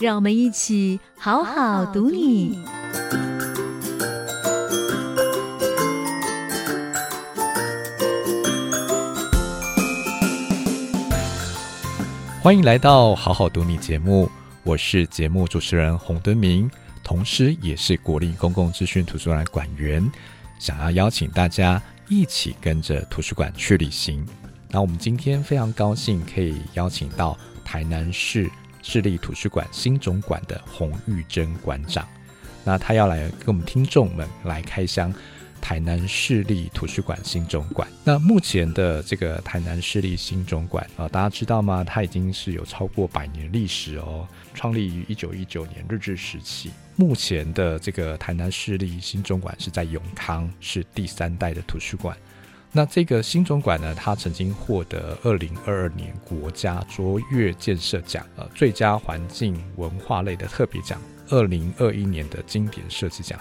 讓我們一起好好讀你。歡迎來到《好好讀你》節目，我是節目主持人洪敦明，同時也是國立公共資訊圖書館的館員，想要邀請大家一起跟着圖書館去旅行。那我們今天非常高興可以邀請到台南市。市立圖書館新總館的洪玉貞館長，那他要來跟我們聽眾們來開箱臺南市立圖書館新總館。那目前的這個台南市立新總館啊、哦，大家知道嗎？它已經是有超過百年歷史哦，創立於一九一九年日治時期。目前的這個台南市立新總館是在永康，是第三代的圖書館。那這個新總館呢，它曾經獲得二零二二年國家卓越建設獎呃最佳環境文化類的特別獎，二零二一年的經典設計獎，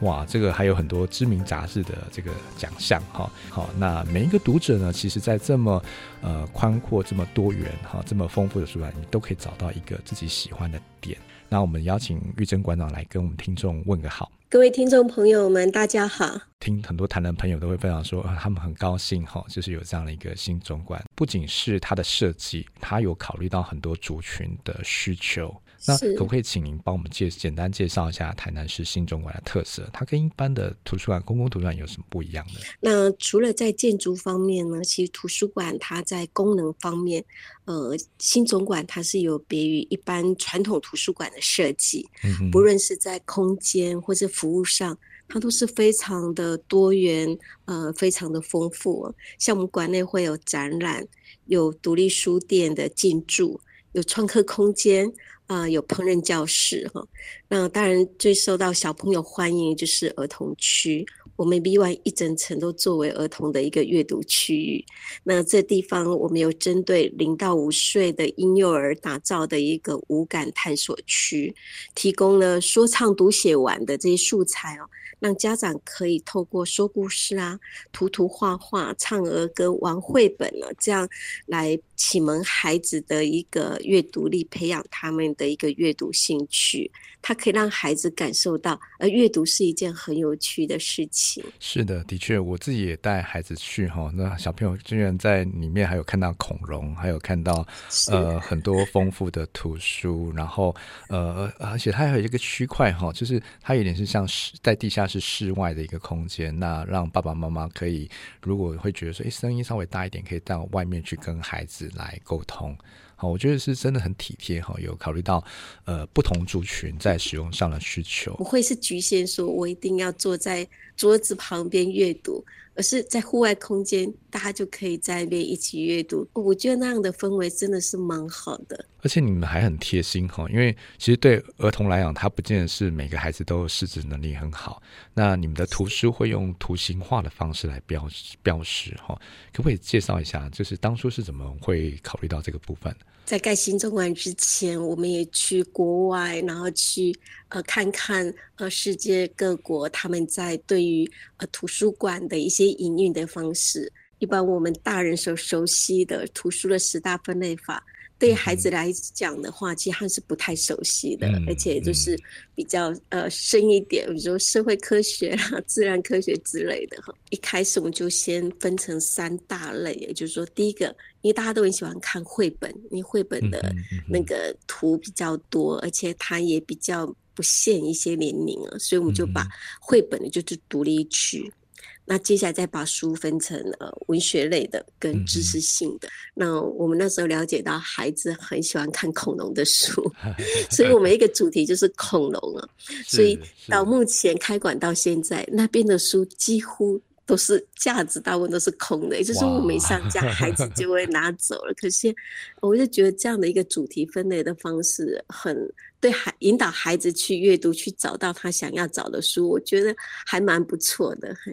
哇，這個還有很多知名雜誌的這個獎項哈好。那每一個讀者呢，其實在這麼呃寬闊這麼多元哈這麼豐富的書館，你都可以找到一個自己喜歡的點。那我們邀請玉貞館長來跟我們聽眾問個好。各位聽眾朋友們，大家好。聽很多台灣朋友都會分享說，他們很高興哈、哦，就是有這樣的一個新總館。不僅是它的設計，它有考慮到很多族群的需求。那可不可以請您幫我們介簡單介紹一下台南市新總館的特色，它跟一般的圖書館、公共圖書館有什麼不一樣的？那除了在建築方面呢，其實圖書館它在功能方面，呃，新總館它是有別於一般傳統圖書館的設計。嗯，不論是在空間或是服務上，它都是非常的多元，呃，非常的豐富。像我們館內會有展覽，有獨立書店的進駐。有創客空間啊、呃，有烹飪教室哈、哦，那當然最受到小朋友歡迎就是兒童區。我們 B1 一整層都作為兒童的一個閱讀區域。那這地方我們有針對零到五歲的嬰幼兒打造的一個五感探索區，提供了說唱讀寫玩的這些素材哦，讓家長可以透過說故事啊、塗塗畫畫、唱兒歌、玩繪本了、啊，這樣來啟蒙孩子的一個閱讀力，培養他們的一個閱讀興趣。它可以讓孩子感受到，呃，閱讀是一件很有趣的事情。是的，的確，我自己也帶孩子去，那小朋友居然在裡面還有看到恐龍，還有看到呃很多豐富的圖書，然後呃，而且它還有一個區塊，就是它有點是像在地下室室外的一個空間，那讓爸爸媽媽可以，如果會覺得說誒、欸，聲音稍微大一點，可以到外面去跟孩子來溝通。好，我覺得是真的很體貼哈，有考慮到，呃，不同族群在使用上的需求，不會是局限說我一定要坐在桌子旁邊閱讀。而是在戶外空間，大家就可以在那邊一起閱讀。我覺得那樣的氛圍真的是蠻好的。而且你們還很貼心哈，因為其實對兒童來講，他不見得是每個孩子都有識字能力很好。那你們的圖書會用圖形化的方式來標示標示哈，可不可以介紹一下？就是當初是怎麼會考慮到這個部分？在蓋新總館之前，我們也去國外，然後去呃看看。呃，世界各國他們在對於呃圖書館的一些營運的方式，一般我們大人所熟悉的圖書的十大分類法，對孩子來講的話，mm -hmm. 其實還是不太熟悉的，mm -hmm. 而且就是比較呃深一點，mm -hmm. 比如說社會科學啊、自然科學之類的哈。一開始我們就先分成三大類，也就是說，第一個，因為大家都很喜歡看繪本，因為繪本的那個圖比較多，mm -hmm. 而且它也比較。不限一些年齡啊，所以我們就把繪本就是獨立區。那接下來再把書分成呃文學類的跟知識性的，嗯。那我們那時候了解到孩子很喜歡看恐龍的書， 所以我們一個主題就是恐龍啊。 所以到目前開館到現在，那邊的書幾乎。都是架子，大部分都是空的，也就是我沒上架，孩子就會拿走了，Wow. 可是，我就覺得這樣的一個主題分類的方式，很對孩引導孩子去閱讀，去找到他想要找的書，我覺得還蠻不錯的。嘿，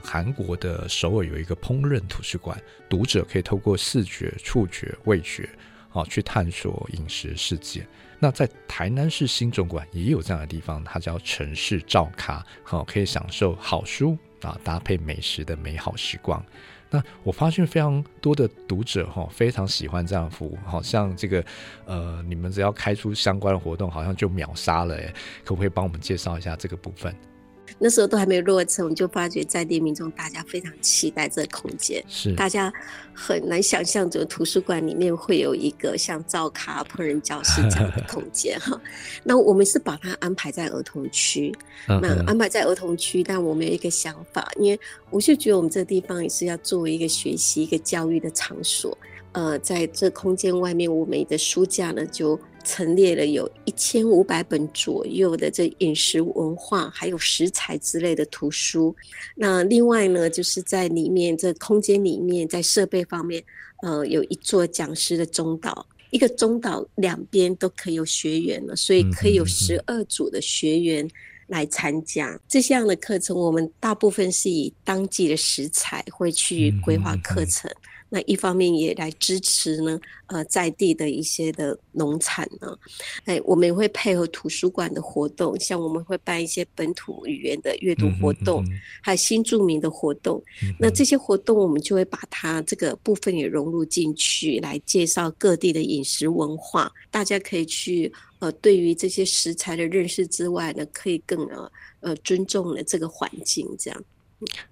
韓國的首爾有一個烹飪圖書館，讀者可以透過視覺、觸覺、味覺。好，去探索飲食世界。那在台南市新總館也有這樣的地方，它叫城市灶咖，好，可以享受好書啊搭配美食的美好時光。那我發現非常多的讀者哈，非常喜歡這樣的服務，好像這個呃，你們只要開出相關的活動，好像就秒殺了。誒，可不可以幫我們介紹一下這個部分？那時候都還沒有落成，我們就發覺在地民眾大家非常期待這個空間，是大家很難想象這個圖書館裡面會有一個像灶咖烹飪教室這樣的空間哈。 那我們是把它安排在兒童區， 那安排在兒童區，但我們有一個想法，因為我就覺得我們這個地方也是要作為一個學習一個教育的場所，呃，在這空間外面我們的書架呢就。陳列了有一千五百本左右的這飲食文化還有食材之類的圖書。那另外呢，就是在裡面這空間裡面，在設備方面，呃，有一座講師的中島，一個中島兩邊都可以有學員了，所以可以有十二組的學員來參加，這樣的課程，我們大部分是以當季的食材會去規劃課程。那一方面也來支持呢，呃，在地的一些的農產呢，哎，我們也會配合圖書館的活動，像我們會辦一些本土語言的閱讀活動，嗯嗯、還有新著名的活動，嗯。那這些活動我們就會把它這個部分也融入進去，來介紹各地的飲食文化。大家可以去呃，對於這些食材的認識之外呢，可以更呃尊重了這個環境，這樣。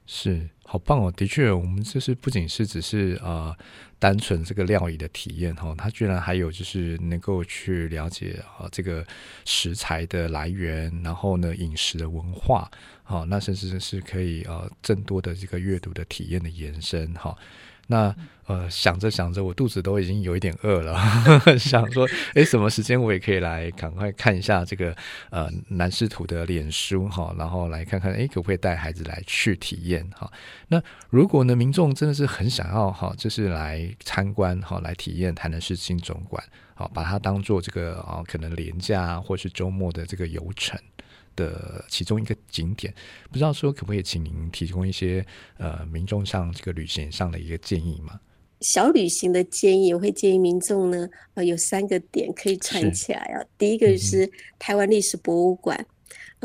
是，好棒哦！的確，我們就是不僅是只是啊、呃，單純這個料理的體驗哈，它居然還有就是能夠去了解啊、呃、這個食材的來源，然後呢飲食的文化，哈、呃，那甚至是可以啊更、呃、多的這個閱讀的體驗的延伸哈。呃那呃，想着想着，我肚子都已經有一點餓了，呵呵想說，哎，什麼時間我也可以來趕快看一下這個呃南市圖的臉書哈，然後來看看，哎，可不可以帶孩子來去體驗哈？那如果呢，民眾真的是很想要哈，就是來參觀哈，來體驗台南市新總館，好，把它當做這個啊，可能連假或是周末的這個遊程。的其中一個景點，不知道說可不可以請您提供一些呃民眾上這個旅行上的一個建議嗎？小旅行的建議，我會建議民眾呢，呃，有三個點可以串起來啊。第一個是台灣歷史博物館。嗯。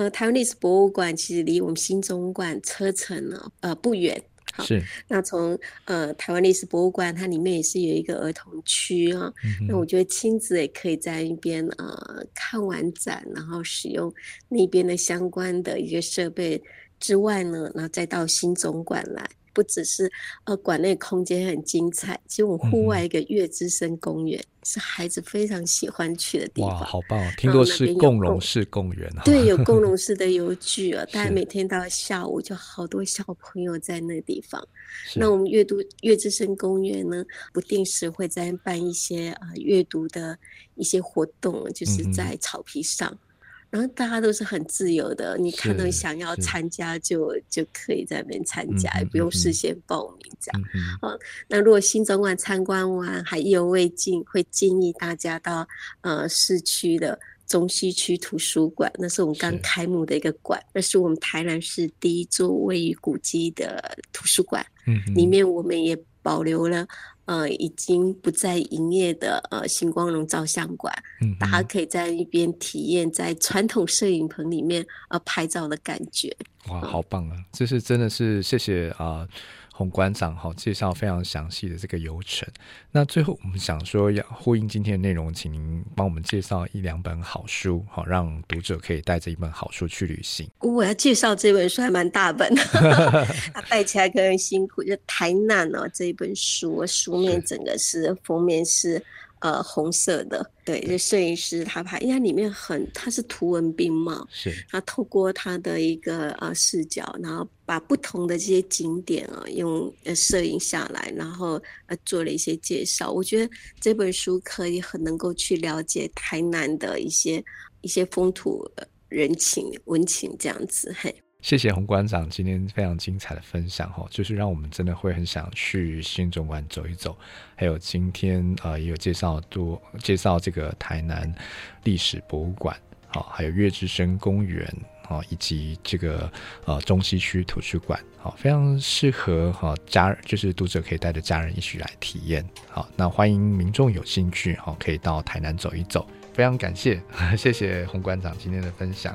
呃，台灣歷史博物館其實離我們新總館車程呢，呃，不遠。好是，那從呃台灣歷史博物館，它裡面也是有一個兒童區啊、嗯，那我覺得親子也可以在那邊呃看完展，然後使用那邊的相關的一個設備之外呢，然後再到新總館來。不只是呃館內空間很精彩，其實我們戶外一個月之森公園、嗯、是孩子非常喜歡去的地方。哇，好棒！哦！聽說是共融式公、啊、公園啊。對，有共融式的遊具啊，呵呵大家每天到下午就好多小朋友在那個地方。那我們閱讀月之森公園呢，不定時會再辦一些呃閱讀的一些活動，就是在草皮上。嗯嗯然後大家都是很自由的，你看到你想要參加就就，就可以在那邊參加，嗯、也不用事先報名、嗯、這樣、嗯嗯。那如果新總館參觀完還意猶未盡，會建議大家到呃市區的中西區圖書館，那是我們剛開幕的一個館，是那是我們台南市第一座位於古蹟的圖書館，嗯、裡面我們也。保留了，呃，已經不再營業的呃星光榮照相館，嗯、大家可以在一邊體驗在傳統攝影棚裡面呃拍照的感覺。哇，好棒啊！嗯、這是真的是謝謝啊。呃洪館長，好，介紹非常詳細的這個流程。那最後，我們想說要呼應今天的內容，請您幫我們介紹一兩本好書，好讓讀者可以帶着一本好書去旅行。哦、我要介紹這本書還蠻大本的，它 帶、啊、起來可能辛苦，就太難了。這一本書，書面整個是，是封面是。呃，紅色的，對，就攝影師他拍，因為他裡面很，它是圖文並茂，是，他透過他的一個呃視角，然後把不同的這些景點啊，呃，用，呃，攝影下來，然後呃做了一些介紹。我覺得這本書可以很能夠去了解台南的一些一些風土人情、文情這樣子，嘿。謝謝洪館長今天非常精彩的分享哈，就是讓我們真的會很想去新總館走一走，還有今天呃也有介紹多介紹這個台南歷史博物館，好，還有月之森公園啊，以及這個呃中西區圖書館，好，非常適合哈家就是讀者可以帶着家人一起來體驗好，那歡迎民眾有興趣哈可以到台南走一走，非常感謝，謝謝洪館長今天的分享。